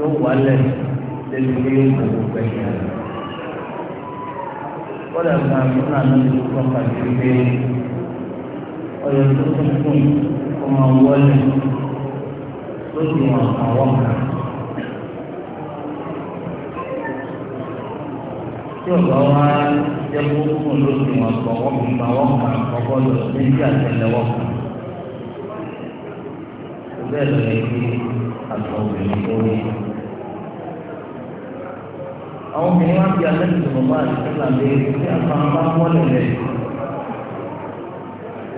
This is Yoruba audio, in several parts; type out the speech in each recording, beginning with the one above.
yóò wálẹ̀ lẹ́nu pé òun gbẹ̀yìn rẹ̀. Bọ́dà kan tó náà náà ti kọ́ pàṣẹ pé ọyọ tó tún kùn kó máa wọlé lójú wọn àwọn kan. Tí ọ̀gá wa jẹ́ kó kùn lójú wọn àwọn àwọn kan ọgbọ́n lọ sí ìdí àtẹlẹwọ́ kan. Bẹ́ẹ̀ ló yẹ kí àtọ̀ obìnrin tó wọ́n àwọn obìnrin wá bí alẹ́ ìṣòro bá ìṣẹ́lá léèrè tí àpá bá wọlé rẹ̀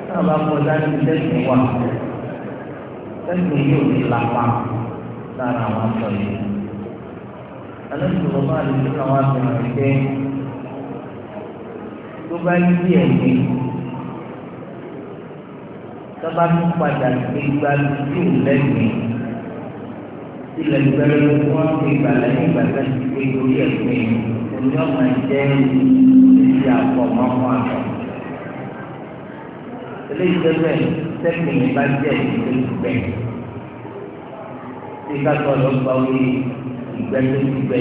náà bá kọjá ní tẹ́sán wà tẹ́sán yóò ní lápá lára àwọn aṣọ yìí alẹ́ ìṣòro bá ìṣẹ́lá wà sí ọ̀rọ̀ pé tó bá yí bí ẹ̀mí tó bá tún padà gbégbá lójú lẹ́yìn ilẹ̀ ìgbẹ́rẹ́ wọn fi ìgbàlẹ̀ ní ìgbàlẹ̀ ti pé orí ẹ̀gbìn òní ọ̀mà jẹ́ ìdí àpọ̀mọ́ fún àpọ̀. eléyìí tẹ́lẹ̀ sẹ́kìn bá jẹ́ ìgbẹ́ tí kátó lọ gba orí ìgbẹ́ tó ti gbẹ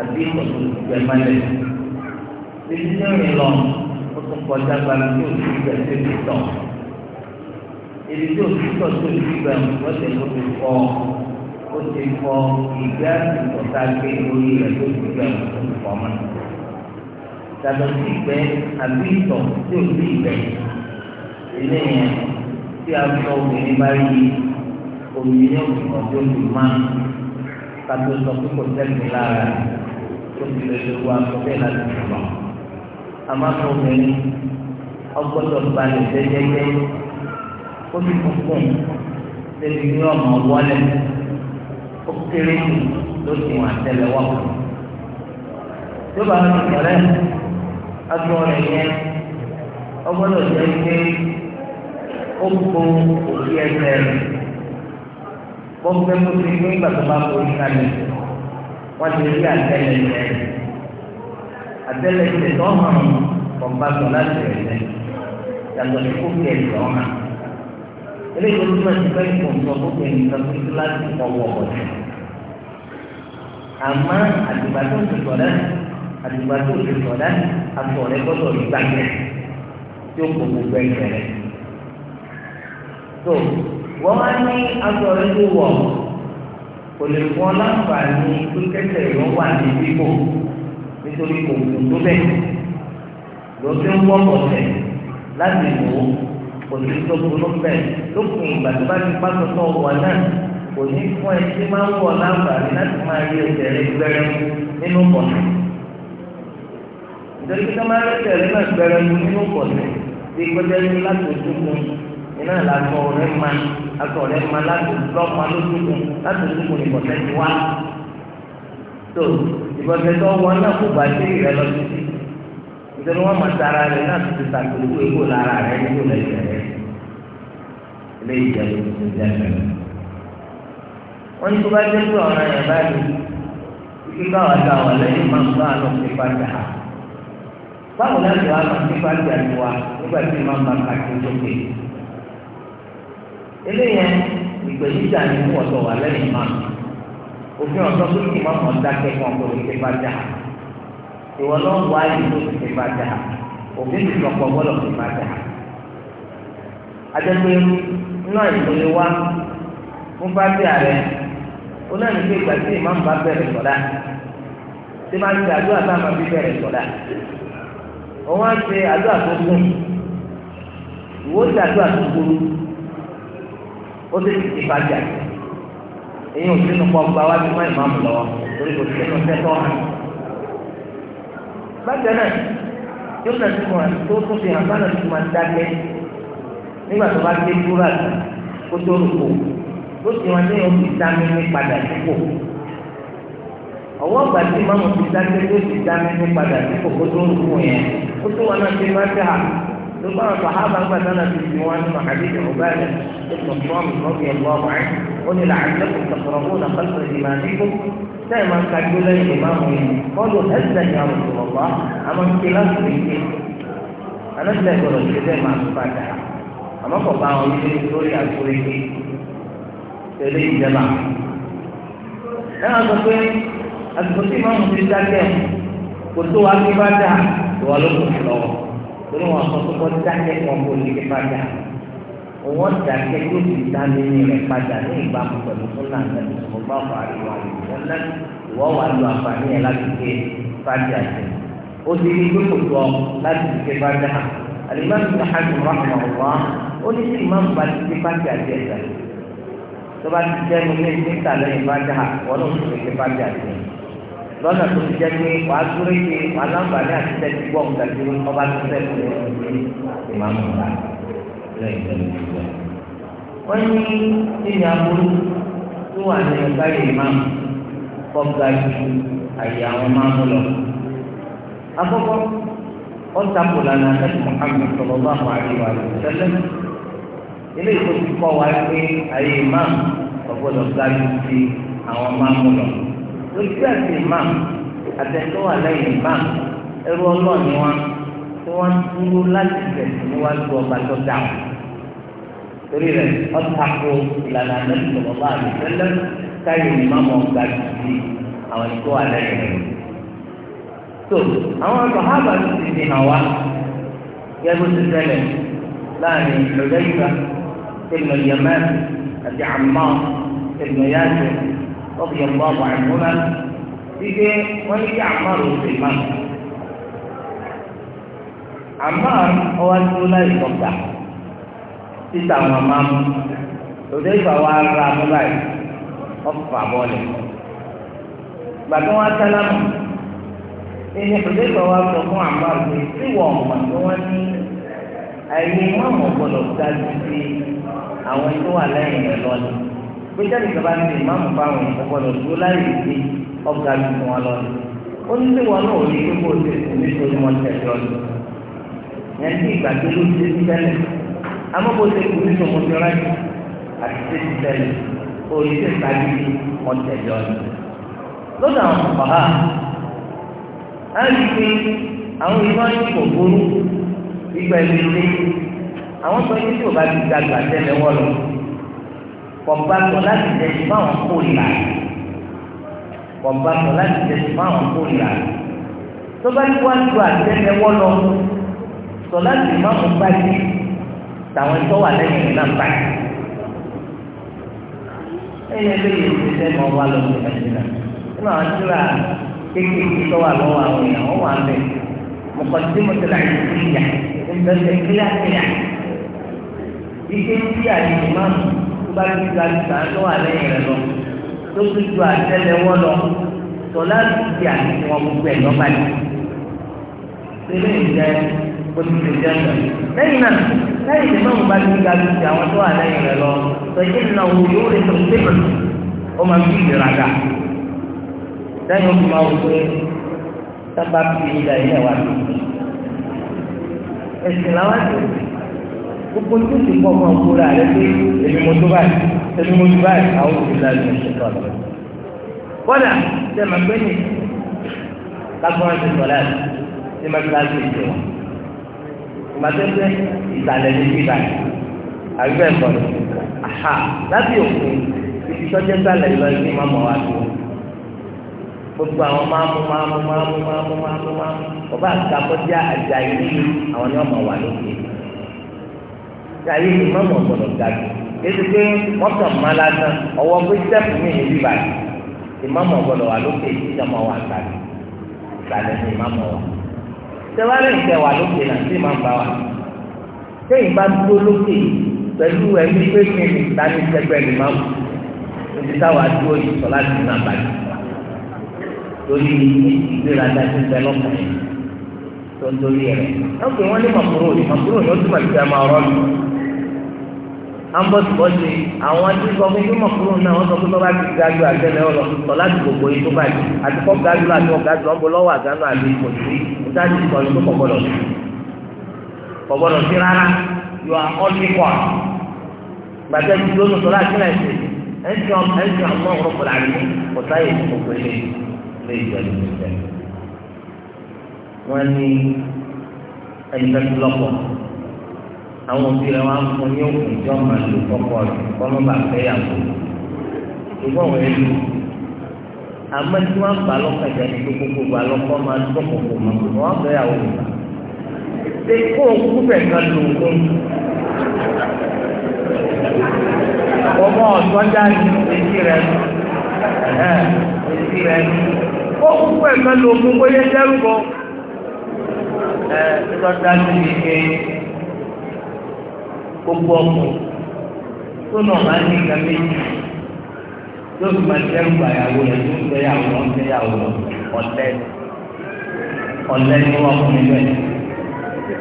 àbí ìkọ̀tò ti gbẹ mọ́lẹ̀. títí ní lọ ó tún kọjá gba tí òṣìṣẹ́ tó ti tọ̀ èdè tó fi tọ̀ tó fi gbà wọ́n tẹ̀ ló fi kọ́ ó ti kọ ìgbà ìtọ́ta gbé orí rẹ̀ tó fi gbà wọ́n ti kọ́ mọ́. Yàtọ̀ sí ìgbẹ́ àbí ìtọ̀ tí ò sí ìgbẹ́. Ilé yẹn tí a sọ obìnrin bá yí omi ní tó fi máa kátó sọ pé kò tẹ́lẹ̀ lára tó fi lè lo aṣọ bẹ́ẹ̀ láti sọ̀rọ̀. Àmọ́ sọ obìnrin ọgbọ́dọ̀ balẹ̀ jẹ́jẹ́jẹ́ ó ti kún fún un débi ní ọmọ wọlé ó kéré jù lóṣù wọn àtẹ́lẹwọ́ tó bá ń sọ̀rọ̀ aṣọ rẹ̀ yẹn ọgbọ́dọ̀ jẹ́ pé ó kó òkú ẹsẹ̀ rẹ̀ bọ́pẹ́ kó ti ní ìgbà tó bá kó ìkàlẹ̀ wọ́n ti rí àtẹ́lẹsẹ̀ rẹ̀ àtẹ́lẹsẹ̀ tó hàn kọ̀ bá sọ láti rẹ̀ yàtọ̀ sí kókè ẹ̀sẹ̀ ọ̀hún eléyìí ló túmọ̀ sí pé ìkọ̀ǹtọ̀ gbogbo ènìyàn tó ti láti ọwọ́ ọ̀dọ̀ àmọ́ àdìgbà tó ti sọ̀dá àdìgbà tó ti sọ̀dá aṣọ rẹ gbọ́dọ̀ rí gbàgbẹ́ tí ó kó gbogbo ẹ̀jẹ̀ rẹ. tó wọ́n wá ní aṣọ tó wọ̀ kò lè fún láǹfààní pé kẹsẹ̀ ìwọ wà ní bíbò nítorí kò kù tó bẹ̀ lọ́sẹ̀ ń wọ́ bọ̀tẹ̀ láti wò ó kò sí tó burú bẹ́ẹ̀ lókun ìgbà tó bá ti pàtó tó wọ̀ náà kò ní fún ẹ tí máa ń wọ̀ láǹfààní láti máa rí ẹsẹ̀ rẹ gbẹrẹ nínú pọ̀tù. ìjọba ìjọba máa rí ẹsẹ̀ rẹ náà gbẹrẹ nínú pọ̀tù bí gbẹdẹ ní láti ojú kun iná làtọ̀ rẹ ma àtọ̀ rẹ ma láti lọ́ọ̀mà lójú kun láti ojú kun ìbọ̀tẹ́ ti wá. tó ìbọ̀tẹ́ tó wọ náà kò bá dé ìrẹ́lọ́sí ìṣẹ̀lẹ̀ wọn máa tara rẹ̀ náà ti ti sàkóso èkó lára rẹ̀ nígbò lẹ́yìn rẹ̀ ilé ìjẹun ti jẹ́ mẹ́rin. wọ́n ní tó bá dé pé ọ̀ràn yẹn báyìí kí káwá dá wọn lẹ́yìn máa ń bá àlọ́ pípa dà á. báwo láti wá máa pípa dà ní wa nígbà tí máa máa ka tó lókè. eléyẹn ìgbẹ̀yìjà ni fún ọ̀dọ̀ wà lẹ́yìn máa. òfin ọ̀dọ́ tó kì máa mọ̀ dákẹ́ fún ọkọ̀ pípa dà á. ìwọ náà wá ìlú ti fàtẹ hà òbí ti lọ pọ̀ gbọ́dọ̀ ti fàtẹ hà. adẹ́gbẹ́ wa fún fàtẹ ààrẹ ó náà ìgbà tí bẹ̀rẹ̀ sọ̀dá tí máa ń ṣe àdúrà tá a máa fi bẹ̀rẹ̀ sọ̀dá òun á ṣe àdúrà tó gùn ìwọ ṣe àdúrà tó ó sì ti ò sínú pọ̀ gba mọ́ torí kò bákan náà yóò nà sí wọn tó tún fi hàn bánà tó máa dákẹ́ nígbà tó bá dé kúrò àti kó tó rò kó ó sì wọn ní omi dání ní padà sípò ọwọ́ ọgbà tí mọ́mọ́ ti dákẹ́ tó ti dání ní padà sípò kó tó rò kó yẹn ó tún wọn náà ti máa tẹ̀ hà ló bá wọn sàhábà gbà tán láti fi wọn nínú àdéhùn ọgbà rẹ ètò ìfọwọ́mù lọ́bì ẹ̀gbọ́n ọmọ rẹ ó ní làálẹ́ kò tẹ̀sọ̀rọ̀ kó nà pẹ́sẹ̀ ìmọ̀ àdéhùn sẹ́yìn máa ń ka dúró lẹ́yìn ìmáàmù yìí kọ́lù ẹ̀sẹ̀ ní àwọn ìwọ̀pá àmọ́ kí láti lè ké anáṣẹ́ ìgbọ̀dọ̀ ṣe bẹ́ẹ̀ máa ń padà àmọ́ kọ̀ bá wọn ṣe lórí àgbóyè tẹ̀lé ìjẹba. ẹ máa sọ pé àsìkò tí ìmáàmù ti dákẹ́ kò tó wá kí bá dà lọ́wọ́ torí wọn sọ pé kọ́ wọ́n dàkẹ́ tó ti dání rẹ̀ padà ní ìbámu pẹ̀lú fúnà àti ìfọ̀gbọ́n àfààní wa ìwọ́n náà ìwọ́n wà lọ àǹfààní yẹn láti gbé fàájì àti ó ti rí gbogbo ọ láti gbé fàájì hàn alimami sahadu rahmanwa ó ní sí ìmáàmù bá ti gbé fàájì àti ẹ̀sẹ̀ tó bá ti jẹ́ nílé níta lẹ́yìn fàájì hàn wọ́n náà ti gbé fàájì àti lọ́nà tó ti jẹ́ pé wàá dúró yé wàá láǹfààní àti tẹ́tí gbọ́ lẹ́yìn lẹ́yìn ìgbà. wọ́n ní ìyá burú tó wà ní ẹ̀ka yìí máa kọ́ ga ju àyè àwọn máa mú lọ. akọ́kọ́ wọ́n takò lànà àtàkùn Muhammad sallallahu alaihi wa sallam ilé ìkó ti kọ́ wa pé àyè máa ọ̀gbọ́dọ̀ ga ju ti àwọn máa mú lọ. lójú àti máa àtẹ̀tọ́ wà lẹ́yìn máa ẹrú ọlọ́ọ̀ni wọn wọ́n dúró láti tẹ̀sí níwájú ọba tó dà wọ́n. torí rẹ̀ ọ̀tá kó ìlànà àlẹ́sì sọ̀rọ̀ bá àlẹ́ tẹ́lẹ̀ káyọ̀ ìmọ̀mọ̀ ga jùlọ àwọn ìkó àlẹ́ rẹ̀. tó àwọn sàhábà tó ti di hàn wá yẹ́bù ti tẹ́lẹ̀ láàrin lọ́dẹ́gbà tẹ̀lé yẹmẹ́ àti àmọ́ tẹ̀lé yáàjẹ́ ọ̀gbìn ọ̀gbọ́n àwọn àìmúlá wọ́n ní kí àmọ́ rò sí ìmáàmù àmọ́ ọwọ́ tó láì kọ̀ọ̀gà títà àwọn máa mú lòdì ìgbà wa ra múlá yìí ọ̀fà bọ́ọ̀lì gbàtí wọ́n sálámù ìní lòdì ìgbà wa sọ fún àmọ́ àgbẹ̀ tí wọ́n mọ̀ tí wọ́n ní àyè wọ́n mọ̀ gbọ́dọ̀ dájú sí àwọn tó wà lẹ́yìn rẹ̀ lọ́nà gbẹjáde ìjọba ní ìmáàmù fáwọn ìgbọ́dọ̀ tó láì sí ọ̀gá ju wọn lọ́nà ó ní yẹn ní ìgbà tó ló ṣe ti tẹ́lẹ̀ amóbóse kù ní sọmọdúnrán yìí àti ṣe ti tẹ́lẹ̀ orí ṣe tàbí ọ̀tẹ̀jọ́ ni lọ́dọ̀ àwọn ọ̀hà á rí i pé àwọn ìlú ayé kò burú ìgbà ìlú ilé àwọn sọ yìí tí o bá ti dàgbà tẹ́lẹ̀ wọ́n lọ kọ̀ọ̀bá tó láti tẹ̀sí fáwọn kó ìlà kọ̀ọ̀bá tó láti tẹ̀sí fáwọn kó ìlà tó bá ti wá ju àtẹ́lẹ̀ lọ sọlá ti má mú báyìí tàwọn tó wà lẹ́yìn náà báyìí ẹ̀yìn eléyìí ti sẹ́nu ọba lọ sí nàìjíríà nínú àwọn tíra kékeré tó wà lọ́wọ́ àwọn èèyàn wọ́n wà mẹ́ mọ̀kàndé mọ̀tẹ́lá yìí ti yà ìbẹ̀rẹ̀ kílákíá ike tí àyè má mú tó bá ti ga ìgbà tó wà lẹ́yìn rẹ̀ lọ tó ti ju àtẹ́lẹwọ́ lọ sọlá ti di àti wọn gbogbo ẹ̀ lọ́ba yìí oníṣẹ́ jẹ́ńdà lẹ́yìn náà lẹ́yìn tí mọ́mú bá ti ga ju ti àwọn tó wà lẹ́yìn rẹ̀ lọ sọ yìí nínú àwọn yóò lè tó tébù ó máa fi ìraga lẹ́yìn oṣù máa wò pé sábà fi ìgbà ilẹ̀ wà lọ. ẹ̀sìn làwọn ti gbogbo tó ti pọ̀ mọ́ òkúra rẹ̀ pé èmi mo tó báyìí èmi mo tó báyìí àwọn òbí lálẹ́ ìṣẹ̀tọ̀ lọ. kódà ṣe máa gbé ní kágbọ́n ti sọ̀rọ̀ àti ṣe máa gbé àti ìṣẹ̀wọ̀n ìgbàdẹ́gbẹ́ ìsàlẹ̀ ní ìgbà àgbẹ̀ ẹ̀kọ́ ni aha láti òfin ibi sọ́jẹ́ sàlẹ̀ lọ sí màmá wa tó gbogbo àwọn máàmú máàmú máàmú máàmú máàmú máàmú ọba àgbàkọjá àjà ìlú àwọn ni wọn mọ wà lókè ìyáyé ìmọ̀mù ọ̀gbọ̀dọ̀ gàdú ètò pé wọ́n kàn má lásán ọwọ́ pé sẹ́ẹ̀pù mi ní bíbá ìmọ̀mù ọ̀gbọ̀dọ̀ wà lókè ìjọba wà gàdú ìsàlẹ̀ ní ìmọ̀mù ọ̀gbọ̀dọ̀ tẹwárẹ̀ ìtẹ̀wà lókè náà sí máa ń bá wa sẹ́yìn bá dúró lókè pẹ̀lú ẹni pé kí ni tani sẹ́gbẹ́ ni máa wù níbi táwa dúró yìí sọ láti náà báyìí lórí ìgbéraga tí bẹ lọ́kàn yìí tó ń torí ẹ̀ lọ́kàn wọn ní màkúrò ní màkúrò ní ó túmọ̀ sí ẹ̀ máa rọ́ọ̀lù ambọ̀tìbọ̀tì àwọn tí sọ fún yíyún mọ̀kúrò náà wọ́n sọ fún bá ti gájú àtẹlẹ ọ̀rọ̀ sọ láti gbogbo yìí tó báyìí àti kọ́ gájú àti kọ́ gájú ọ̀bọ lọ́wọ́ àgánú àti ipò sí ti sọ ní kò gbọdọ̀ sí kò gbọdọ̀ sí rárá you are only one gbàtẹ́ ti lónìí sọ láti náà ṣe ẹ̀sìn ọmọ ẹ̀sìn ọmọ ọ̀rọ̀ kọ̀ọ̀lá ni kò sáyè fún gbogbo ilé ilé ìjọba ìjọba wọn ni ẹnìkan ti lọ́pọ̀ àwọn òbí rẹ̀ wọ́n á fún ní òkun tí wọ́n máa lò kọ́kọ́ rẹ̀ kọ́mọ́ bá fẹ́ yàgò ṣùgbọ́n wọ́n ẹlú àmọ́ tí wọ́n bá lọ́kàjà ní gbogbo gbà lọ́kọ́ máa tó kòkò mọ́ wọ́n fẹ́ yàgò nípa ṣé kó o kú bẹ̀ ká lò ó ọmọ ọ̀tọ́ jáde etí rẹ̀ etí rẹ̀ kó o kú ká lò ó gbogbo yẹn dẹ́rù bọ́ ẹ̀ ẹ̀ tó ní ike gbogbo ọkùnrin tó náà máa ní ìgbà méjì yóò fi máa jẹ́ ìgbà ìyàwó rẹ̀ tó ń fẹ́ ìyàwó lọ ń fẹ́ ìyàwó lọ ọ̀lẹ́ ọ̀lẹ́ ni wọ́n fún mi bẹ́ẹ̀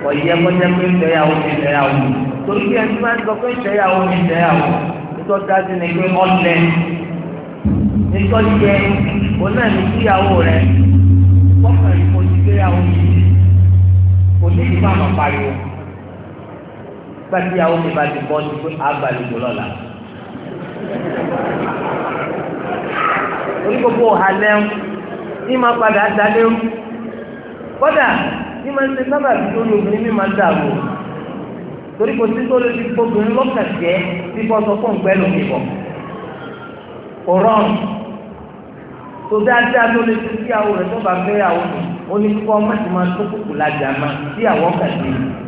ọ̀yẹ́ kọjá pé ń fẹ́ ìyàwó mi fẹ́ ìyàwó torí bí ẹni máa ń sọ pé ń fẹ́ ìyàwó mi fẹ́ ìyàwó nítorí dájú ni pé ọ̀lẹ́ nítorí jẹ òun náà ní kí ìyàwó rẹ̀ fọ́kàn ìfọ̀jú pé ìyàwó mi kò ní ìfọ̀ àmọ̀ pariwo pàtí àwọn mi bá ti bọ́ ti pé àgbàlejò lọ́la. orí gbogbo ọ̀hánẹ́ ní máa padà dalé rú kódà ní máa ń ṣe sábà tí ó lò ní mímá dààmú torí kò sí tó lè fi gbogbo lọ́kàn jẹ́ bí bọ́ sọ fún ìgbẹ́ lòmí bọ̀ kò rọrùn tó dáadáa tó lè fi sí àwọn rẹ̀ tó bá fẹ́ àwọn òní kọ́ mọ́tò máa tó kùkù lájà máa sí àwọn kàdé yìí.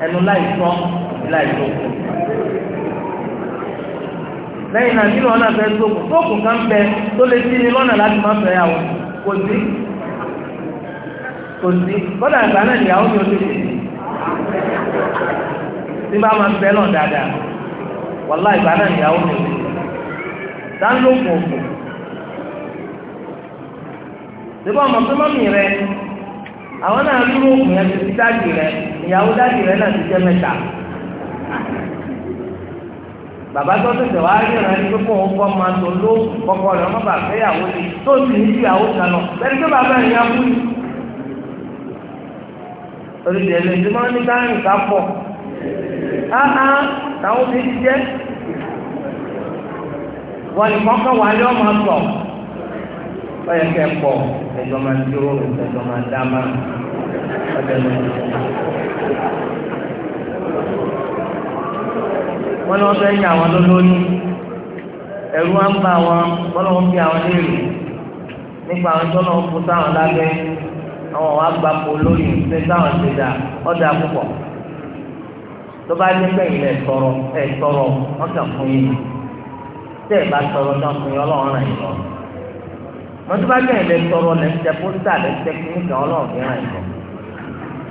ẹnu láì sọ láì tó kù náà kí lọ́nà fẹ́ sókùn sókùn kan bẹ tó lè sí ni lọ́nà láti má fẹ́ yàwó kò sí kò sí kọ́dà ìgbà náà ìyàwó mi ò ti sí tí bá máa fẹ́ náà dáadáa wàlá ìgbà náà ìyàwó mi ò sí àwọn náà lúrò òkùn yẹn ti fi dáàdì rẹ ìyàwó dáàdì rẹ náà ti jẹ mẹ́ta bàbá tó tẹsẹ̀ wá rí ìran ní pípọ̀ ọkọ̀ máa tó ló kọ́kọ́ rẹ̀ ọmọ bàbá ìyàwó ni tó sì ní sí ìyàwó kan náà lẹ́ni tó bàbá rẹ̀ yá kú yìí. olùdíje lè ti máa ń ní káyìn ká pọ̀ áhà táwọn ti jẹ́ wọ́n ní kọ́kọ́ wà ní ọmọ sọ̀rọ̀ ọyẹ kẹ pọ ẹjọ máa ń dúró ẹjọ máa ń dá máa ọjọ máa ń dúró. wọn ní wọn fẹẹ yàn àwọn lólórí ẹrú wa ń bá wọn wọn lọ fi àwọn léèrè nípa àwọn tó lọ fún sáwọn lábẹ́ àwọn wa gba po lórí ṣe sáwọn ṣe dà ọdà púpọ̀ tó bá dé pẹ́yìn lẹ̀ tọrọ ẹ̀ tọrọ wọn fún yín tẹ́ ẹ bá tọrọ tán fún yín ọlọ́run ràn yín lọ́rùn mọtò bá bẹ́ẹ̀ lẹ tọrọ lẹ tẹ pósítà lẹ tẹ kíníkà Ọlọ́run fi hàn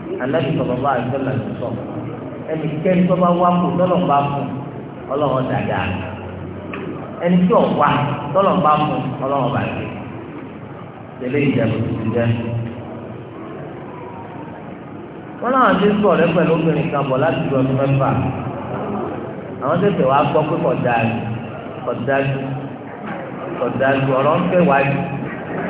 yìí anabi sọlọ bá àti sọlọ ti sọ ẹni kẹni tó bá wá kó tọlọ bá fún Ọlọ́run dàda ẹni tí ò wá tọlọ bá fún Ọlọ́run bá dé tẹ́lẹ̀ ìjàmbá tuntun jẹ wọn náà ti sọ ọ̀rẹ́ pẹ̀lú obìnrin kan bọ láti ju ọdún mẹ́fà àwọn tètè wàá gbọ́ pé kọjá kọjá kọjá ọ̀rọ̀ ń fẹ́ wájú.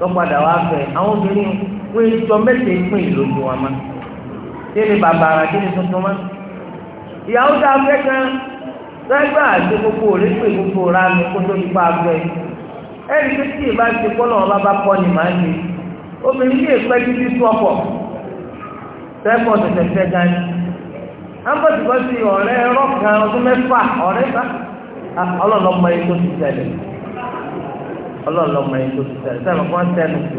lọ́padà wá fẹ́ àwọn obìnrin wọ́n ìjọ mẹ́tẹ̀ pín ìlòjò wọn ma kí ni bàbá ara kí ni tuntun ma ìyàwó tá a fẹ́ kan lẹ́gbẹ́ àti gbogbo rẹ̀ pé gbogbo ra mi kó tó nípa abẹ́ ẹ̀rí tó tí ìbá ti kọ́ lọ́wọ́ bá kọ́ ni màá ní obìnrin yìí pẹ́ títí tú ọkọ̀ tẹ́kọ̀ tẹ̀tẹ̀ fẹ́ gan ni ambọ̀tìkọ́ sí ọ̀rẹ́ rọ́ọ̀kan ọdún mẹ́fà ọ̀rẹ́ bá ah, ọlọ́ọ̀lọ́mọ yìí tó ti tẹ̀lé ọlọ́run lọ́mọ yìí tó ti ṣẹlẹ̀ sẹ́nu kọ́ ń tẹnu sí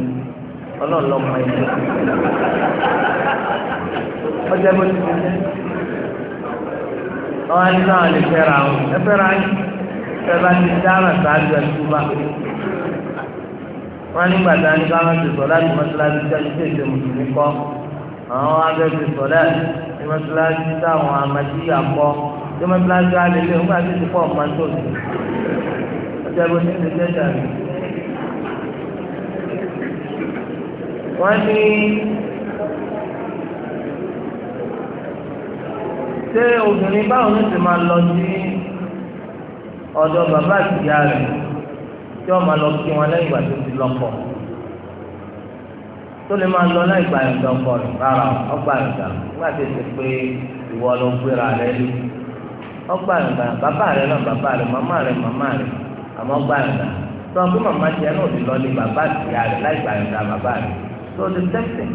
ọlọ́run lọ́mọ yìí tó ti ṣẹlẹ̀ ọjọ́ bó ti ṣe ọwọ́ ẹni náà lè fẹ́ra àwọn ẹ fẹ́ra yín fẹ́ bá ti dáhùn ṣáájú ẹ̀kú bá wọn nígbà tá a ní káwọn ti sọ láti mọ́ṣáláṣí jẹ́ ní tètè mùsùlùmí kọ́ àwọn abẹ́ ti sọ lẹ́ ní tí ti ti ọjọ́ bó ti ṣe wọ́n ní ṣé obìnrin báwọn ló ti máa lọ sí ọ̀dọ̀ bàbá àtìyá rẹ̀ tí wọ́n máa lọ kí wọn lẹ́yìn ìgbà tó ti lọ́kọ tó lè máa lọ láì gba ẹ̀dọ̀ ọkọ rẹ̀ rárá ọgbà ẹ̀dá nígbà tí èsì pé ìwọ ló gbéra rẹ̀ lé ọgbà ẹ̀dá bàbá rẹ̀ náà bàbá rẹ̀ màmá rẹ̀ màmá rẹ̀ àmọ́ ọgbà ẹ̀dá tó wọn pé màmá tiẹ̀ náà ti lọ lé bàbá àtìyá rẹ̀ láì gba ẹ̀dá bàbá rẹ̀ tó ti tẹ́sẹ̀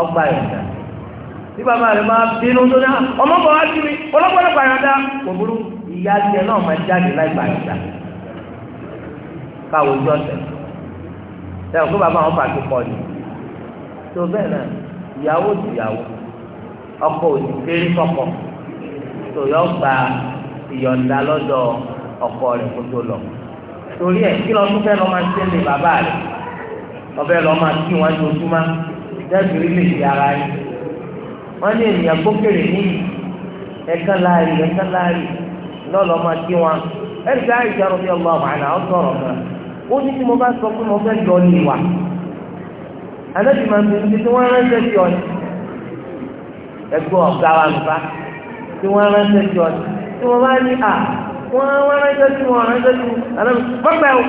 ọgbà ẹ̀dá tí bàbá rẹ̀ máa bínú tó dáa ọmọ bọ̀ wá sí mi ọlọ́pọ̀lọ́ pàyàdá kò burú ìyá tiẹ̀ náà máa jáde láì pàyàdá káwọ ojú ọ̀sẹ̀ sẹ́wọ̀n kó bàbá wọn fàájú pọ̀ ni tó bẹ́ẹ̀ náà ìyàwó ti ìyàwó ọkọ òsì kéré sọ́kọ tó yọ gba ìyọ̀ǹda lọ́dọ̀ ọkọ rẹ̀ kó tó lọ torí ẹ̀ kí lọ́ọ́ tún fẹ́ lọ́ máa ń tẹ́lẹ̀ bàbá rẹ̀ ọbẹ̀ lọ́ máa kí wọn lójúmọ́ dẹ́bi orílẹ̀ ara yìí wọ́n ní ènìyàn gbókèrè ní ẹ̀ka láàyè ẹ̀ka láàyè lọ́lọ́ máa kí wọn ẹ̀rí ká ìjà rọ̀ bí ó sọ̀rọ̀ kan ó ní tí mo bá sọ ní ìwà máa ń bẹ tí wọ́n ránṣẹ́ sí ọ ẹgbẹ́ ọ̀gá wa nùbá tí wọ́n ránṣẹ́ sí ọ tí wọ́n bá ní à wọ́n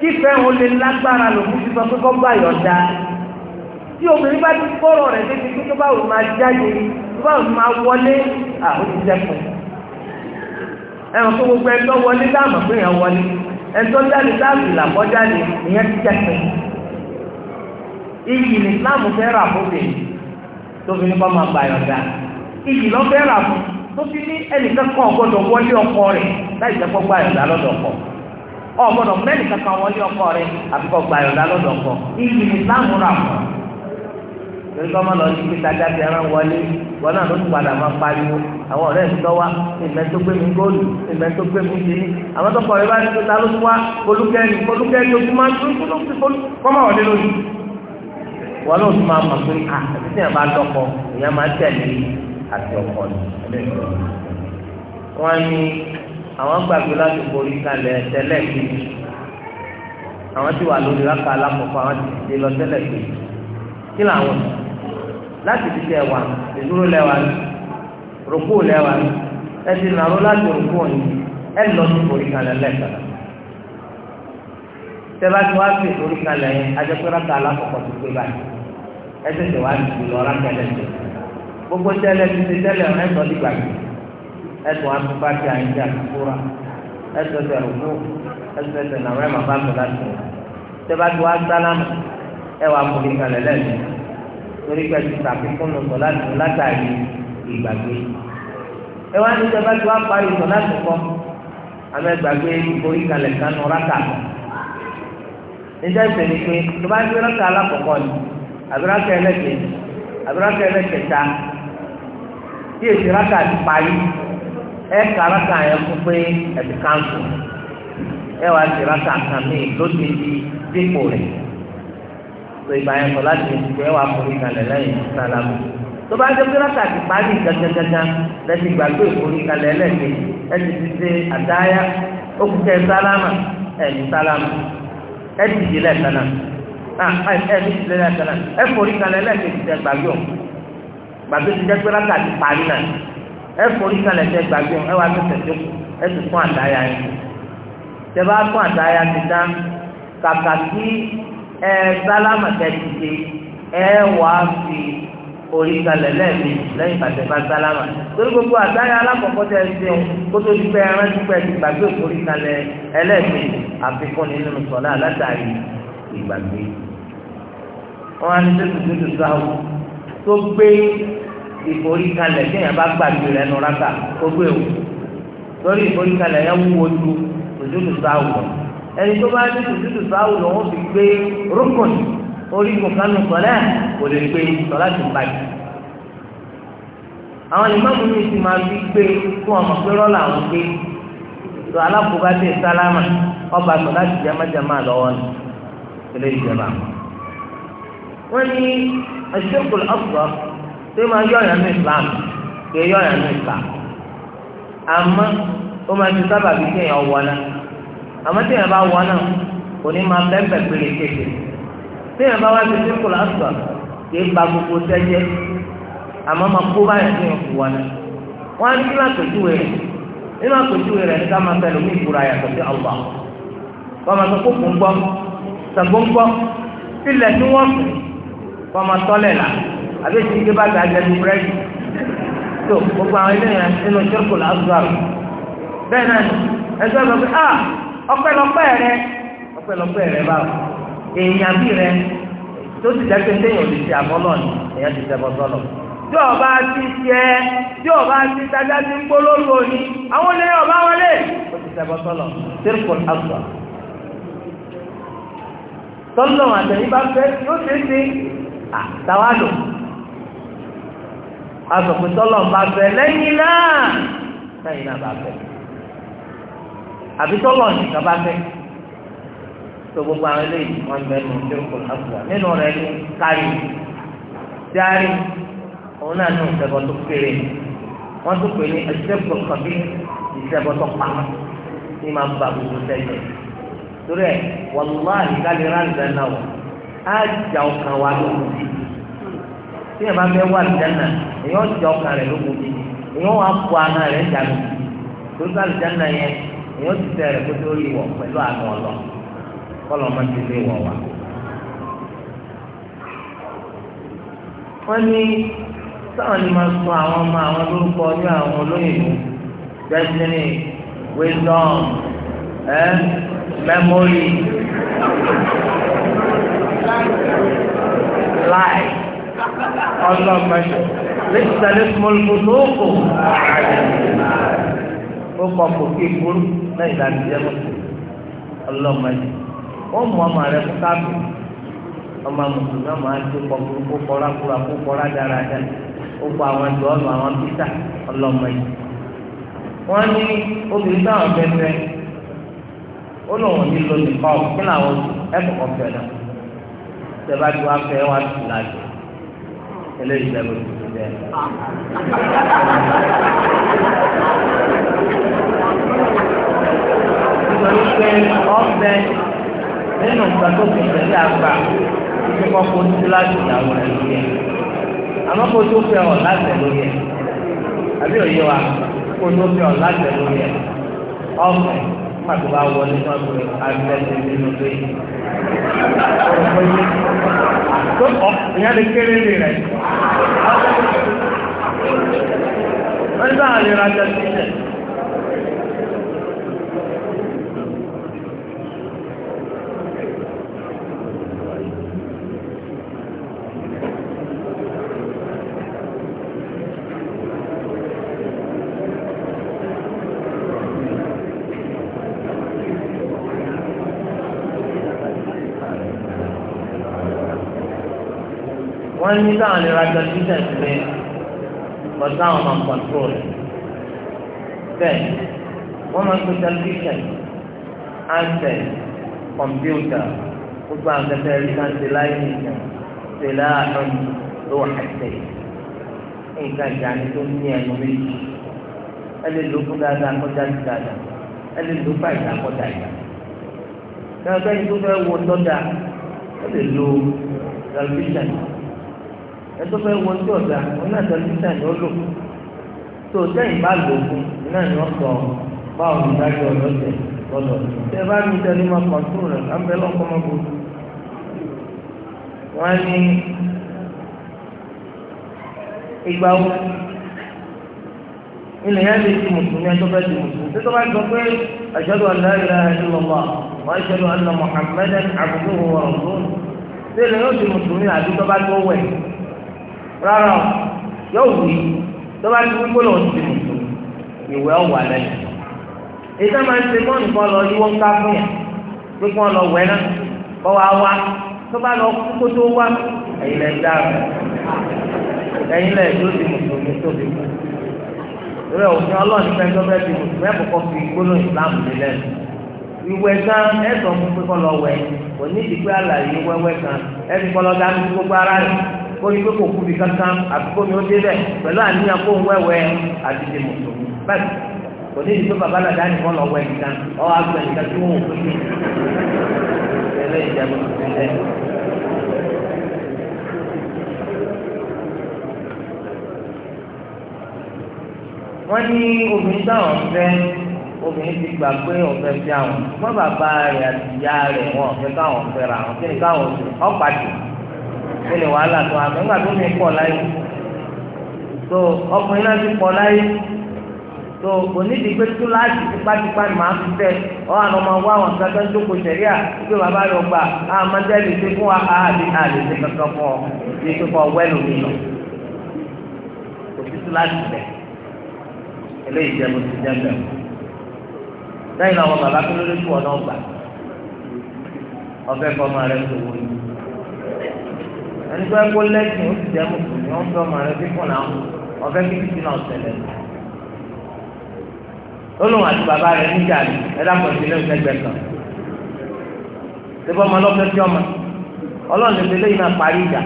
kífẹ́ òun lè lágbára lòun ti sọ pé kọ́ bá yọ̀ọ̀dá tí obìnrin bá ti kọ́rọ̀ rẹ̀ débi pé tó bá òun máa jáde tó bá òun máa wọlé àwọn ìjẹkùn ẹ̀rùn tó gbogbo ẹjọ́ wọlé dáàmà pé èèyàn wọlé ẹjọ́ jáde dáàbì làkọ́ ìyẹn ti jẹkùn iyì ní Ìsìláàmù fẹ́ rà fóde tó fi ní kọ́ máa gbà yọ̀ọ̀dá iyì lọ́ rà fún tó fi ní ẹnìkan kan ọ̀gbọ́dọ̀ wọlé ọkọ rẹ̀ láì jẹ́ kó gbà yọ̀ọ̀dá lọ́dọ̀ ọkọ ọ̀gbọ́dọ̀ mẹ́rin kankan wọlé ọkọ rẹ àbíkọ gba ìrọ̀lá lọ́dọ̀ ọkọ iyì ní sáàmù rà fún torí kọ́ máa lọ sí pété ajá ti ẹran wọlé wọn náà ló ti padà máa pariwo àwọn ọ̀rẹ́ mi tọ́wá ìgbẹ́ tó gbé mi góòlù ìgbẹ́ tó gbé mi jìnnì àwọn tó kọ̀ ẹ bá ní tó ta ló ti wá polúkẹ́ni polúkẹ́ni ojú máa ń tún kó ló ti kọ́ máa wọlé lójú wọn náà ti máa mọ̀ pé à àti tí yẹn bá dọ́kọ àwọn gbàgbé láti forí kalẹ̀ tẹ́lẹ̀ kejì àwọn ti wà lórí rákà alákọ̀ọ́kọ́ àwọn ti ti lọ tẹ́lẹ̀ kejì kí làwọn láti ti tẹ̀ wá ìdúró lẹ́wà ní rògbò lẹ́wà ní ẹ ti nàró láti rògbò ní ẹ lọ sí forí kalẹ̀ lẹ́ẹ̀kan tẹ́lá tí wàá fi forí kalẹ̀ yẹn ajẹ́pẹ́ rákà alákọ̀ọ́kọ́ ti pé báyìí ẹ tẹ̀sẹ̀ wá ti lọ rákà lẹ́sẹ̀ gbogbo tẹ́lẹ̀ ti ti tẹ́lẹ̀ ọ̀rẹ́ ẹtù amúbàtì àyíjà kúra ẹtù ẹsẹ rúkú ẹtù ẹsẹ nàwọn ẹ máa bá sọ láti rẹ tẹbàtì wa sálámù ẹ wà múlí kalẹ̀ lẹ́nu torí pé ẹtù sàfikún nù sọ láti rẹ látàrí ìgbàgbé ẹ wá ní tẹbàtì wa parí sọ láti kọ amẹgbàgbé orí kalẹ̀ kanu rákà níjà ìfẹ́ ni pé tó bá ń gbé rákà alákọ̀ọ́kọ́ ni àbúrákà ẹlẹ́kẹ̀ẹ́ àbúrákà ẹlẹ́kẹ̀ẹ́ta tí èsì rákà ti parí. ẹ ka yẹn fún pé ẹbí kanku ẹ wá sí raka kan lóde di dípò rẹ tó ìgbà yẹn kọ láti ẹsùn ẹ wá sálámù tó bá pé ti parí gàgàgàgà lẹsìn gbàgbé forí kalẹ̀ lẹ́sìn ẹ ti ṣe àdáyà ó sálámà ẹni sálámù ẹ ti di lẹ́ẹ̀kan náà ah, ti ti gbàgbé gbàgbé ti pé ẹ forí kalẹ̀ tẹ gbàgbé ẹ wá tó tẹ̀sí kù ẹ sì fún àtàyà yẹn tẹ bá fún àtàyà ti dá kàkà sí ẹ sálámà tẹ ti dé ẹ wà fi orí kalẹ̀ lẹ́ẹ̀mejì lẹ́yìn bàtẹ́ bá sálámà torí gbogbo àtàyà alákọ̀ọ́kọ́ tẹ ẹ ṣeun kó tó di pé ẹ rántí pé ẹ ti gbàgbé forí kalẹ̀ ẹlẹ́ẹ̀mejì àfikún nínú sọ̀lá látàrí ìgbàgbé wọn á ní sẹ́kùtù tó sáwù tó gbé ìforíkalẹ̀ téèyàn bá gbàgbé rẹ̀ nù rákà gbogbo èwò lórí ìforíkalẹ̀ yẹn wúwo ju tòjútù sáwù ẹni tó bá ní tòjútù sáwù lọ fi gbé rúkùn orí kòkánù sọ̀lẹ́ kò lè gbé sọ̀lá ti bàjẹ́ àwọn ìmáàmù mi ti máa fi gbé fún ọmọ pé rọ́lá àwọn gbé tó alákòóbá sálámà ọba ti ni ilé wọn ni ṣé máa yọ ọ̀yàn ní Islam kì í yọ ọ̀yàn ní Islam àmọ́ ó máa ti sábà bí kéèyàn wọ náà àmọ́ téèyàn bá wọ náà kò ní máa bẹ́ẹ̀ pèlè kéde téèyàn bá wá sí síkùl àṣọ kì í ba gbogbo sẹ́jẹ́ àmọ́ máa kó báyìí téèyàn kò wọ náà wọ́n á ní kí máa pèjú rẹ̀ nínú àpèjúwe rẹ̀ nígbà máa fẹ́ lómi ìbúra yàtọ̀ sí ọ̀gbà wọ́n máa sọ kókò ń gbọ́ sàgbó ń gbọ́ sílẹ̀ tí wọ́n fi wọ́n máa tọ́lẹ̀ là àbí ti ké bàtà àjẹsí búrẹ́dì tó gbogbo àwọn ilé yẹn nínú ṣírkù lásán bẹ́ẹ̀ náà ẹgbẹ́ lọ pé ah ọpẹ́lọpẹ́ rẹ ọpẹ́lọpẹ́ rẹ báwo èèyàn bí rẹ tó ti dẹ́pẹ́ téèyàn lè ṣe àbọ́lọ̀ ni èèyàn ti tẹ́bọ̀ sọ́lọ̀ tí ọba ti tiẹ tí ọba ti tajà ti ń polówó ni àwọn olè ọba wọlé ó ti tẹ́bọ̀ sọ́lọ̀ ṣírkù lásán tọ́lọ́ àtẹ̀yìn bá fẹ́ yóò ṣe é ṣe àtàwálò asọ̀pẹ́ tọ́lọ̀ bá fẹ́ lẹ́yìn náà lẹ́yìn náà bá fẹ́ àbí tọ́lọ̀ nìkan bá fẹ́ tó gbogbo àwọn eléyìí wọn bẹ nù ní ọkọ àbúrò nínú rẹ ní kárì járí òun náà ní ìṣẹ́bọ tó kéré wọ́n tún pè ní ìṣẹ́bọ kọ̀bí ìṣẹ́bọ tó pamọ́ ní máa ń ba gbogbo sẹ́yìn torí ẹ̀ wàlúwà ìkálẹ̀ ránṣẹ́ náà á jà ọkàn wa lóhùn sí i tí yẹn bá fẹ́ wà lìjánà èyàn jẹ ọkàn rẹ̀ lóko bí èyàn wà bu ara rẹ̀ dànù torí ká lìjánà yẹn èyàn ti tẹ rẹ̀ kótó rí wọ̀ pẹ̀lú àná ọlọ kọ́lọ̀ ọmọ ti lé wọ̀ wá. wọ́n ní sáwọn ni máa sọ àwọn ọmọ àwọn lórúkọ ní àwọn olóyìnbó destiny wisdom eh, memory life ọlọ́mọ lẹ́yìn tẹ̀lé mọ́lùmọ́lùmọ́lùmọ́ ó kọ́ kò kí burú lẹ́yìn tẹ̀lé jẹ́ mọ́tò ọlọ́mọ yìí wọ́n mú ọmọ rẹ̀ kó káàbù ọmọ mùsùlùmí ọmọ àti kọ́ burúkú kọ́ra kúra kó kọ́ra dáradára ó kọ́ àwọn ẹ̀dọ́ ọ̀nà àwọn pítà ọlọ́mọ yìí wọ́n ní obìnrin táwọn fẹ́fẹ́ ó lóun ní kí làwọn ẹ̀kọ́ kọ́ náà tẹ́ bá ti sí làjọ eléyìí lẹ́nu tó ti jẹ́. nítorí pé ọ̀bẹ nínú nǹkan tó fi tẹ̀lé àgbà tí wọ́n kó sí láti ìyàwó rẹ̀ lórí ẹ̀. àmọ́ kó tó fẹ́ ọ̀ láti ẹ̀ lórí ẹ̀. àbí òye wa kó tó fẹ́ ọ̀ láti ẹ̀ ọ̀bẹ pàtó bá wọlé náà pé abẹ́lẹ̀ nínú pé ìyá lè kéré lè rẹ̀. wọ́n ní báyìí lè ra jẹ́ sílẹ̀. wọ́n ní sáwọn lè ra tẹlifíṣàn sílẹ̀ bọ́ sáwọn máa kọ̀ntró rẹ̀ bẹ́ẹ̀ wọ́n máa pe tẹlifíṣàn ánsẹ̀ kọ̀mpútà gbogbo àwọn kẹtẹ́ rí sáńtì láyé nìkan tẹ̀lé àtọ́n ló wà ẹ̀sẹ̀ nǹkan ìjà ni tó ní ẹnu méjì ẹ lè lò fún dáadáa kọjá sí dáadáa ẹ lè lò fún àìsàn kọjá ìjà kí wọ́n fẹ́ yín tó fẹ́ wọ tọ́jà ẹ lè lò tẹlifíṣàn yìí ẹtọ́ fẹ́ wọ sí ọ̀dà wọn náà tẹ̀lé tẹ̀ ní ó lò tó sẹ́yìn bá lò fún un náà ni wọ́n sọ báwo ni dájọ́ ọlọ́sẹ̀ lọ́dọ̀ tẹ́ bá mi tẹ́lẹ̀ máa kọ̀tún rẹ̀ abẹ́ lọ́kọ́ máa bò wọ́n ní ìgbà wo ilẹ̀ yẹn lè di mùsùlùmí ẹtọ́ fẹ́ di mùsùlùmí tẹ́tọ́ bá sọ pé ashhadu an la ilaha illallah wa ashhadu anna muhammadan abduhu wa rasuluhu tẹ́lẹ̀ yóò di mùsùlùmí àdúgbò bá tó wẹ̀ rárá o yóò wí tó bá ti wí gbọ́dọ̀ ìwé máa ń ṣe lọ yíwọ́ ńká fún yà pé kí wọ́n lọ wẹ̀ náà kọ́ wa wá tó bá lọ kú kó tó wá ẹ̀yin lẹ̀ dá rẹ̀ ẹ̀yin lẹ̀ ti òfin ọlọ́ọ̀ni fẹ́ tó fẹ́ ti fi gbólóhùn ó ní pé kò kú bí kankan àbíkó ni ó dé bẹ̀ pẹ̀lú àníyàn kó ń wẹ̀wẹ̀ àti ti mùsùlùmí báyìí kò ní ìdí pé bàbá làdá nìkan lọ wẹ̀ nìkan ọ́ àgbẹ̀ nìkan tí wọ́n ò fi ẹlẹ́ ìjẹun ìjẹun. wọ́n ní obìnrin táwọn fẹ́ obìnrin ti gbà pé ọ̀fẹ́ fi àwọn mọ́ bàbá rẹ̀ àti ìyá rẹ̀ wọn ọ̀fẹ́ káwọn fẹ́ ra àwọn kí ni káwọn ọ̀pá dùn. ó lè wàhálà tó àmọ́ nígbà tó mi pọ̀ láyé tó ọkùnrin náà ti pọ̀ láyé tó onídìí pé túláàsì tipátipá ni màá fi tẹ ọ àná máa wá àwọn kankan jókòó sẹríà wípé bàbá rẹ gbà á máa tẹ lè fún wa á lè á lè ṣe kankan fún ọ lè ṣe wẹ́lù mi lọ kò sí túláàsì bẹ eléyìí jẹ bó ti jẹ bẹ lẹ́yìn náà wọn bàbá kí ọ náà gbà fọmọ tó ẹni tó ẹkọ lẹ́sìn ó ti jẹ́ mùsùlùmí ó ń fẹ́ ọmọ rẹ fífún náà ọ̀fẹ́ kíkìtì náà ṣẹlẹ̀ olùwọ̀n àti bàbá rẹ níjà rẹ ẹ̀dá pọ̀jù lẹ́nu ẹgbẹ́ kan ṣébọ́ ọmọ ọlọ́fẹ́ tí ọmọ ọlọ́ọ̀ni tẹ́lẹ̀ yìí náà parí ìjà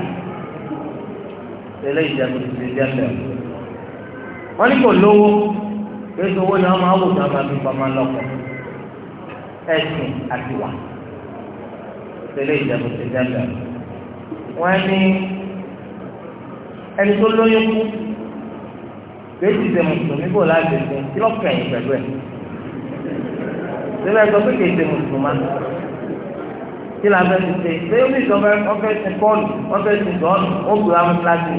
tẹ́lẹ̀ ìjà kò ti jẹ́ bẹ́ẹ̀ wọ́n ní kò lówó kéésì owó ni wọ́n máa wò tó máa fi pamọ́ lọ́kọ̀ ẹ̀sìn àti wà tẹ́lẹ̀ ìjà kò ti jẹ́ wọ́n ní ẹni tó lóyún kú kéjì ṣe mùsùlùmí bò láti ṣe kí ló kẹ̀yìn pẹ̀lú ẹ̀ síbẹ̀ sọ pé kéjì ṣe mùsùlùmá kí la fẹ́ ti ṣe ṣé ó ní ìjọba ọfẹ́ ti bọ́ọ̀lù ọfẹ́ ti bọ́ọ̀lù ó gbé wa mọ́tíláṣí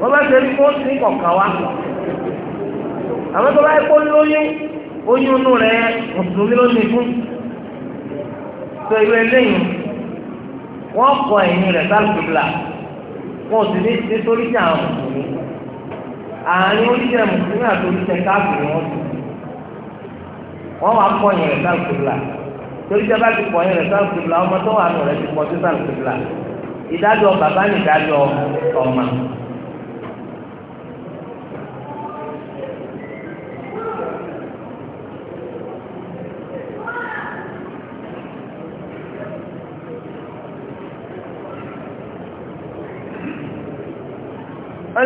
wọ́n bá ṣe ní kó sí kọ̀ọ̀kan wa àwọn tó bá yẹ kó lóyún oyún inú rẹ̀ mùsùlùmí ló ní fún ṣe ìwé lẹ́yìn wọ́n kọ ẹ̀yìn rẹ̀ sálùkùbìlà wọn ò sì ní ṣe torí tí àwọn mùsùlùmí àárín oníṣẹ́ mùsùlùmí àti oníṣẹ́ káàkiri wọn sùn wọ́n wá kọ ẹ̀yìn rẹ̀ sálùkùbìlà torí tí a bá ti kọ ẹ̀yìn rẹ̀ sálùkùbìlà ọmọ tó wà nù rẹ̀ ti kọ sí sálùkùbìlà ìdájọ́ bàbá nìdájọ́ ọmọ.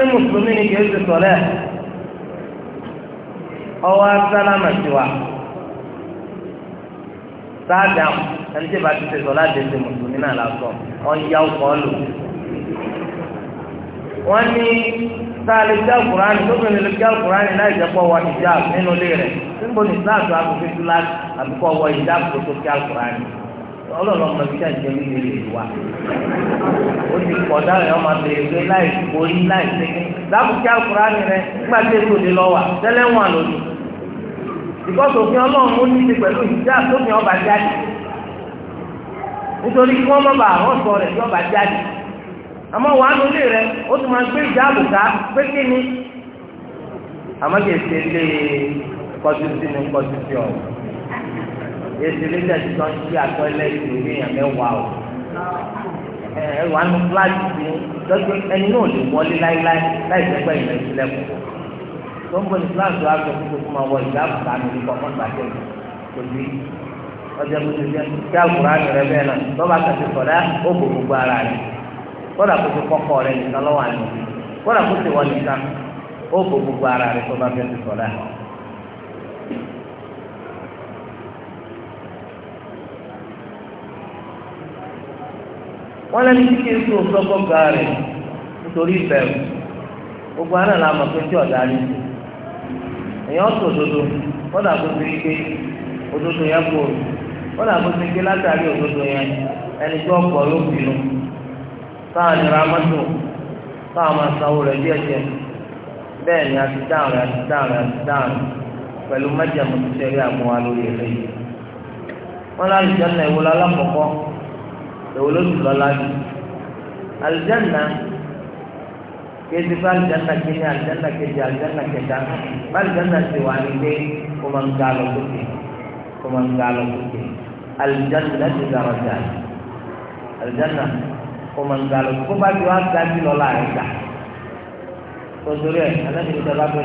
ní mùsùlùmí ni kì í ṣe sọ̀lẹ́ ọwọ́ sálámà sí wa sáàdà ẹni tí ìbá ti ṣe sọ̀lá dé ṣe mùsùlùmí náà lásán wọ́n yá ọkọ̀ lò wọ́n ní sáàlì jẹ́ àkùránì lóbìnrin lè jẹ́ àkùránì láì jẹ́ pọ̀ wọ ìjáàbù nínú ilé rẹ̀ síbò ní sáàtù àbùkù ìdúlá àbíkọ̀ wọ ìjáàbù tó tó kí àkùránì. ọlọ́run ọmọ ìgbà jẹ́ wíwé lè wá ó ti pọ̀ ọmọ pé láì borí láì sẹ́kẹ́ àkùránì rẹ nígbà tí èso lè lọ wà tẹ́lẹ̀ òfin ọlọ́run ó ní ti pẹ̀lú ọba jáde nítorí kí wọ́n rẹ ó máa gbé ìjà àbùká pé kí ni àmọ́ kì í ṣe èsì lẹ́tà ti tọ́ sí àtọ́lẹ́ ìlú ní ìyàn mẹ́wàá o ẹ wà nù fúláàtì tí lọ́sọ̀ ẹni náà lè wọlé láíláí láì jẹ́ pé ìlẹ̀ ìsílẹ̀ kù tó ń bọ̀ ní fúláàtì wa sọ fún kókó máa wọ ìjà àbùkà mi ní kọ́kọ́ gbàdé kò sí ọjọ́ bó ti ya kí àwòrán àmì rẹ bẹ́ẹ̀ náà lọ́ba kàti ó wọn lẹni tí kìí sùn sọgbọ ga rẹ nítorí ìbẹ̀rù gbogbo àná la mọ̀ pé tí ọ̀dà ni èèyàn sọ òdodo wọn àgbo ti rí pé òdodo yẹn kò wọn àgbo ti rí látàrí òdodo yẹn ẹni tí ọkọ yóò mọ́tò máa sanwó rẹ bẹ́ẹ̀ ni a ti dáhùn rẹ a ti dáhùn rẹ a ti èwo ló sì lọ́la jù alìjẹ́nà kéde fún alìjẹ́nà kéde alìjẹ́nà kéde alìjẹ́nà kẹta fún alìjẹ́nà ti wà ní pé kó máa ń ga lọ sókè kó máa ń ga lọ sókè alìjẹ́nà ti dàrọ̀ jà alìjẹ́nà kó máa ń ga lọ sókè kó bá ti wá ga sí lọ́la rẹ̀ gbà tontori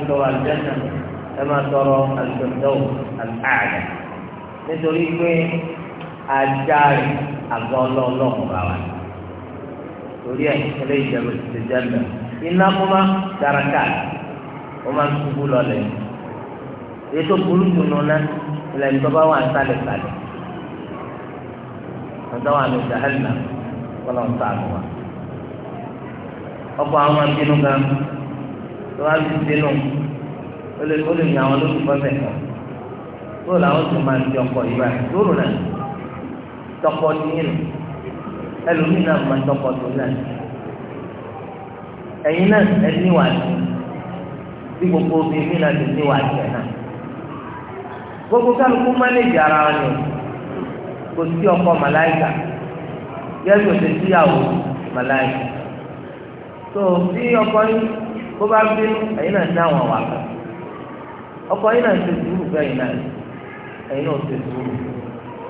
tọrọ alìjẹ́nà ẹ máa tọrọ alìjẹ́nà ajá rẹ̀ àgọ́ ọlọ́ọ̀lọ́ọ̀ bá wa torí ẹ̀ ẹlẹ́yìí ìjẹun ti ti jẹ́ mẹ́ iná kúmá daraka ó máa ń túbú lọlẹ̀ ètò burúkú nùnà ilẹ̀ ìjọba wà ń sálẹ̀ sálẹ̀ ọ̀dọ́ wa ló jahal nà kọ́lọ̀ ń sàánù wa ọkọ̀ àwọn abínú gan tó wá ti dínú ó lè ó àwọn lóṣù bọ́sẹ̀ kan tó làwọn tó máa ń di ọkọ̀ yìí báyìí lóòrùn náà tọkọ nìyẹn nù ẹlòmíì náà máa tọkọ tó náà ẹ̀yin náà ẹni wà ní bí gbogbo obìnrin náà ti ní wà jẹ náà gbogbo kálukú mánéjì ara wọn ni kò sí ọkọ màláìkà yẹ́sọ̀ ṣe síyàwó màláìkà tó bí ọkọ yín bó bá bínú ẹ̀yin náà ní àwọn àwàkà ọkọ yín náà ṣe sùúrù bẹ́ẹ̀ náà ẹ̀yin náà ṣe sùúrù.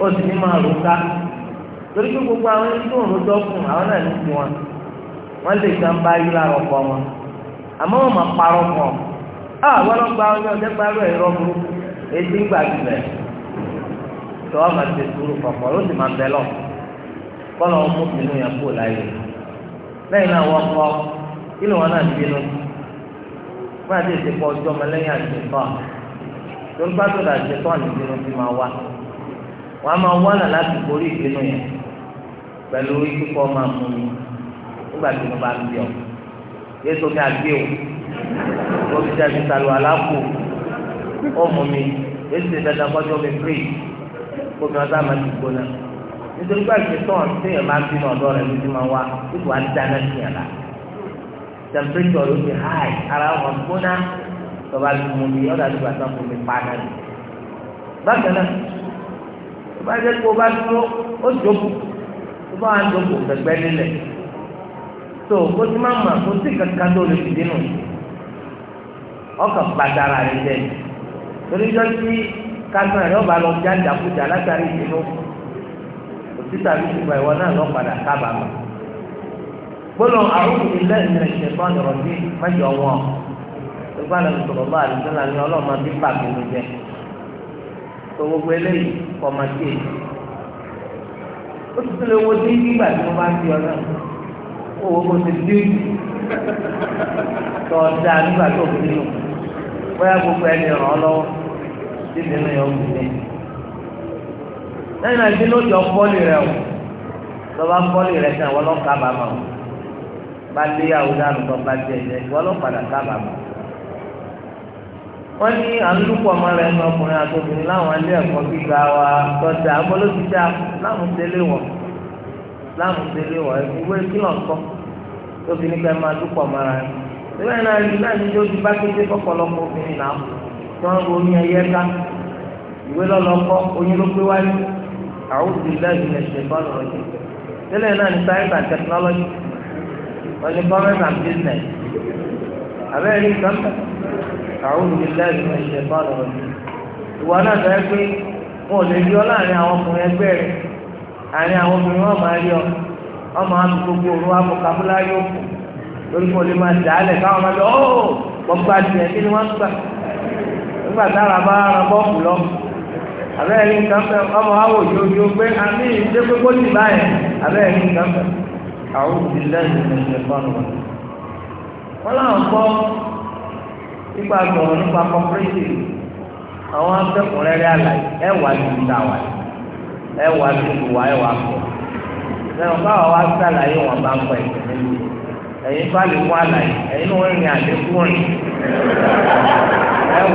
ó sì ní máa rò ká torí pé gbogbo àwọn ẹni tó ń rojọ́ fún àwọn náà ní tiwọn wọ́n lè gbà bá yí lára ọkọ̀ wọn àmọ́ wọn máa parọ́ ọ àwọn ọlọ́gba ọjọ́ ọjọ́ parọ́ ẹ̀rọ burúkú etí ń gbà jù tó wọn máa ti sùúrù pọ̀pọ̀ sì máa bẹ lọ ọmú bínú yẹn kú láyé lẹ́yìn náà wọ́n kọ́ kí náà bínú wọ́n wọn a máa wọnà láti borí ìpinnu yẹn pẹ̀lú ikúkọ máa mú mi nígbà tí mo bá ń bí ọ yéésù mi àgbé o omi tí a fi sàlù aláàpò ó mú mi yéésù mi dandan kọjú omi pè omi ọtá máa ti gbóná nítorí pé àti tó ọ̀n tí èèyàn máa ń bínú ọ̀dọ́ rẹ̀ lójú máa wá ipò àdáná sí yàrá tẹmpétọ̀ ló ti háì ara wọn gbóná tọba ti mú mi ọ̀dà tó bàtà fún mi pa bákan náà tó bá jẹ́ kó o bá dúró ó jókòó tó bá wà jókòó gbẹgbẹ́ nílẹ̀ tó o ti máa mà kó sí kankan tó lè fi dínú ọkàn pàtàrà rẹ jẹ torí jọ sí kásán rẹ ọba lọ já jàkújà látàrí ìdínú òtítà bí ṣùgbọ́n ìwọ náà lọ padà kábàámọ̀ gbọ́dọ̀ àrùn ilé ìrìn ìṣẹ̀fọ́ ọ̀rọ̀ sí mẹ́jọ wọn ìgbà náà sọ̀rọ̀ bá àdìsọ́lá ní ọlọ́mọ bí pàmì jẹ gbogbo eléyìí kọ̀mọ̀tì ó ti tún lè wo dé nígbà tí mo bá ń di ọ̀nà owó mo ti dé tọ́ da nígbà tó o ti lò bóyá gbogbo ẹni ràn ọ́ lọ́wọ́ tí ìdí náà yọ ọ́ gbìlẹ̀ lẹ́yìn náà ìdílé òjò pọ́lì rẹ o lọ́ba pọ́lì rẹ sàn wọ́n lọ́ kábàámọ̀ bá dé àwùjọ àlùkò bá jẹ ẹ̀jẹ̀ wọ́n padà kábàámọ̀. wọ́n ní alùpùpù ọmọlẹ ẹnu ọkùnrin àti láwọn ilé ẹ̀kọ́ gíga wa tọjà agbọlọsídà láwọn tẹlẹ wọ láwọn ìwé kílọ̀ ńkọ obìnrin kan máa dúpọ̀ mọ́ra ẹ̀ ìwé náà rí ní bá kété obìnrin náà tí wọ́n ro ẹyẹ ká ìwé lọ́lọ́kọ́ oyin ló pé wáyé أعوذ بالله من الشيطان الرجيم ìwọ náà sọ pé ò lè rí ọ láàrin àwọn ọkùnrin ẹgbẹ́ rẹ̀ àárín àwọn obìnrin wọn máa rí ọ wọn máa ń gbogbo òru wa fún kábúláyé òkú lórí kò lè máa dà á lẹ̀ káwọn máa lọ ọ́ gbọ́gbà tiẹ̀ kí ni wọ́n ń gbà nígbà ara lọ abẹ́rẹ́ ní fẹ́ ọmọ wa wò pé àmì báyìí abẹ́rẹ́ ní nípa sọ̀rọ̀ nípa cooperative àwọn akẹ́kọ̀ọ́rẹ́rẹ́ àlàyé ẹ wà ní ìta wà ẹ wà ní wà pọ̀ lẹ́yìn báwa wá sàlàyé wọn bá pọ̀ ẹ̀yin bá lè kó àlàyé ẹ̀yin rìn rìn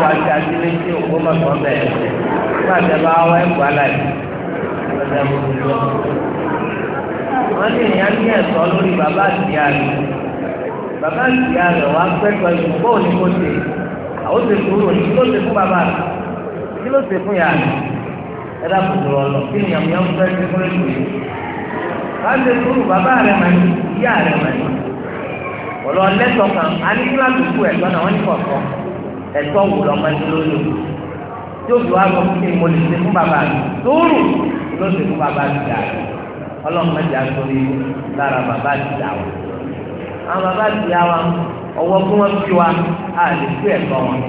wà òkú mọ̀tọ́ bẹ́ẹ̀ nígbà bá ẹ̀ ní ẹ̀tọ́ lórí bàbá àti ìyá rẹ̀. bàbá ìyá rẹ̀ wá pẹ́tọ́ ìlú bóò ní kó ṣe àwọn ṣe sùúrù ní kí ló ṣe fún bàbá rẹ̀ kí ló ṣe fún ìyá rẹ̀ ẹ dàpọ̀ tó lọ kí ni àmì ọ̀hún fẹ́ ṣe fún ètò yìí wá ṣe bàbá rẹ̀ mà ní ìyá rẹ̀ mà ní ọ̀lọ́ lẹ́tọ̀ kan a ní kí láti kú ẹ̀tọ́ náà wọ́n ní kọ̀ọ̀kan ẹ̀tọ́ wù lọ́mọ ẹni lóyún yóò fi wá lọ kí mo lè ṣe fún bàbá rẹ̀ sùúrù àwọn bàbá ti yá wa ọwọ́ kí wọ́n fi wa a lè fi ẹ̀kọ́ wọn.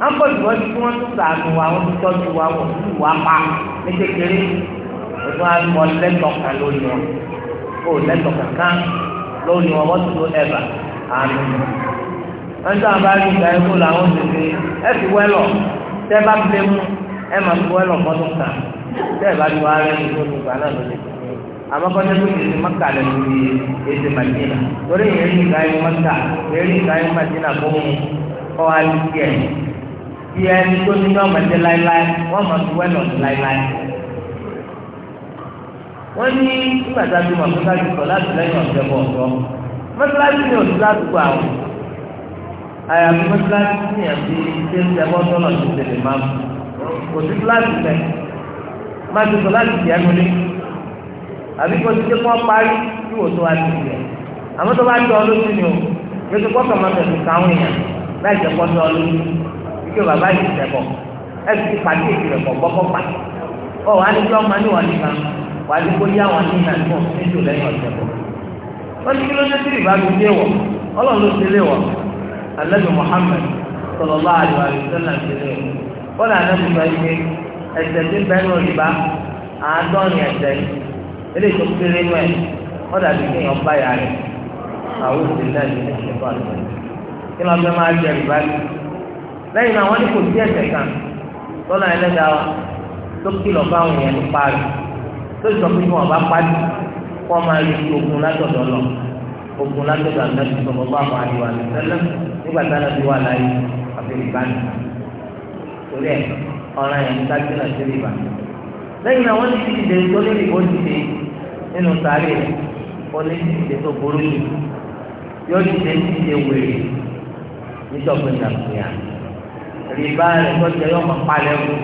a ń bọ̀ jùlọ tí wọ́n tún sàánù wa wọ́n tún tọ́jú wa wọ́n tún wà pa ní kékeré òtún àmọ́ lẹ́tọ̀ kan lórí wọn ó lẹ́tọ̀ kankan lórí wọn wọ́n tún ẹ̀bà àánú wọn. wọ́n tún àbá rí ìgbà ẹ̀kọ́ làwọn ti fi ẹ̀ fi wẹ́lọ̀ tẹ́ bá fi lé mú ẹ̀ máa fi wẹ́lọ̀ fọ́dún kan tẹ́ ẹ̀ bá ti wá rẹ́ ìgbà náà lórí àmọ́kọ́jọ́ tó ti ṣe mọ́kà lẹ́nu ti ètè màdínà torí ìyẹn ní ìgbà yẹn mọ́kà ìyẹn ní ìgbà yẹn màdínà kó mu kọ́ wa ní tiẹ̀ tiẹ̀ ní tó ní ọmọ ẹ̀jẹ̀ láéláé wọ́n mọ̀ sí láéláé. wọ́n ní nígbà tá a ti mọ̀ fúnka jù sọ láti lẹ́yìn ọ̀sẹ̀ bọ̀ ọ̀sọ́ mọ́tíláṣí ni òtún láti gbọ́ àwọn àyàfi mọ́tíláṣí ni àti ṣe ń tẹ́wọ́ sọ́nà tó tẹ̀lé máa kò sí kíláàsì fẹ́ máa ti sọ láti tì àbí kò títí kọ́ parí kí wò tó wá ti rẹ̀ àmọ́ tó bá tọ́ lójú ni o yóò tó kọ́kọ́ máa tẹ̀sí káwọn èèyàn láì jẹ́ ike bàbá yìí tẹ̀kọ̀ ẹ̀sì ti pàdé èsì rẹ̀ kọ̀ gbọ́kọ́ pa ọ wà á ní kí ọmọ níwọ̀n nìkan wà á ní kó yá wọn ní nàìjíríà fún níjò lẹ́yìn eléyìí tó kéré nù ẹ̀ wọ́n dàbí kéèyàn bá yà rẹ̀ àwọn òṣèlú náà ní ẹ̀ṣẹ̀ bá rẹ̀ kí wọ́n fẹ́ máa jẹ ìbá rẹ̀ lẹ́yìn náà wọ́n ní kò sí ẹ̀ṣẹ̀ kan tọ́lá ẹlẹ́dàá wa tó kìlọ̀ fáwọn yẹn nípa rẹ̀ tó sọ pé wọn bá pàdé kọ́ máa rí ogun látọ̀dọ̀ lọ ogun látọ̀dọ̀ àtàkì sọ̀rọ̀ bá àwọn àdìwà nìtẹ́lẹ̀ nígbà táwọn ti wà láyé àfi rìbá ni torí ẹ̀ ọ̀ràn yẹn ní ká nínú sáré ó ní ìdíje tó burú yìí yóò dìde ìdíje wèrè nítorí ìdàgbìyà rìbá rẹ tọ́jà yóò máa palẹ̀ wò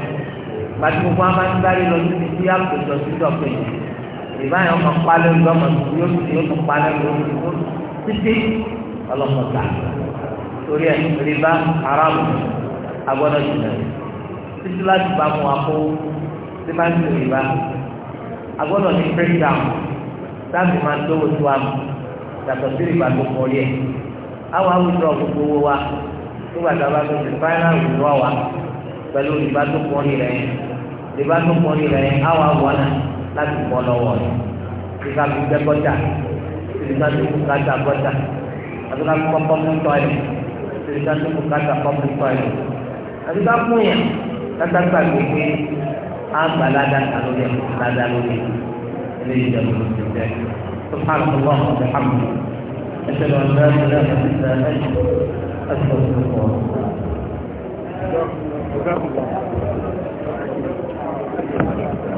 gbàtí gbogbo àwọn máa ń sáré lọ síbi tí àpòjọ sí dọ̀pẹ̀ rìbá yẹn máa palẹ̀ wò ọmọ tuntun yóò dìde yóò máa palẹ̀ wò títí ọlọ́mọta torí ẹ rìbá aráàlú agbọ́dọ̀ jùlọ títí láti bá mu àpò tí máa ń sè rìbá agbọ́dọ̀ ní breakdown sáàbì máa dówó tó wa yàtọ̀ sí ìgbà tó kọ yẹ àwọn awùjọ gbogbo owó wa nígbà tá a bá tó fi final withdraw wa pẹ̀lú ìgbà tó kọ ní rẹ̀ ìgbà tó kọ ní rẹ̀ àwọn awọ́nà láti bọ́ lọ́wọ́ rẹ̀ ìgbà tó gbẹ bọ́jà ìgbà tó kọ kájà bọ́jà àti ká kọ́ pọ́ńpù tọ́yì ìgbà tó kọ kájà pọ́ńpù tọ́yì àti ká fún yẹn kátàkà gbogbo àgbà ládàá lórí ládàá lórí eléyìí jẹ́ lórí ìjọba سبحانك اللهم وبحمدك أشهد أن لا إله إلا أنت أستغفرك وأتوب إليك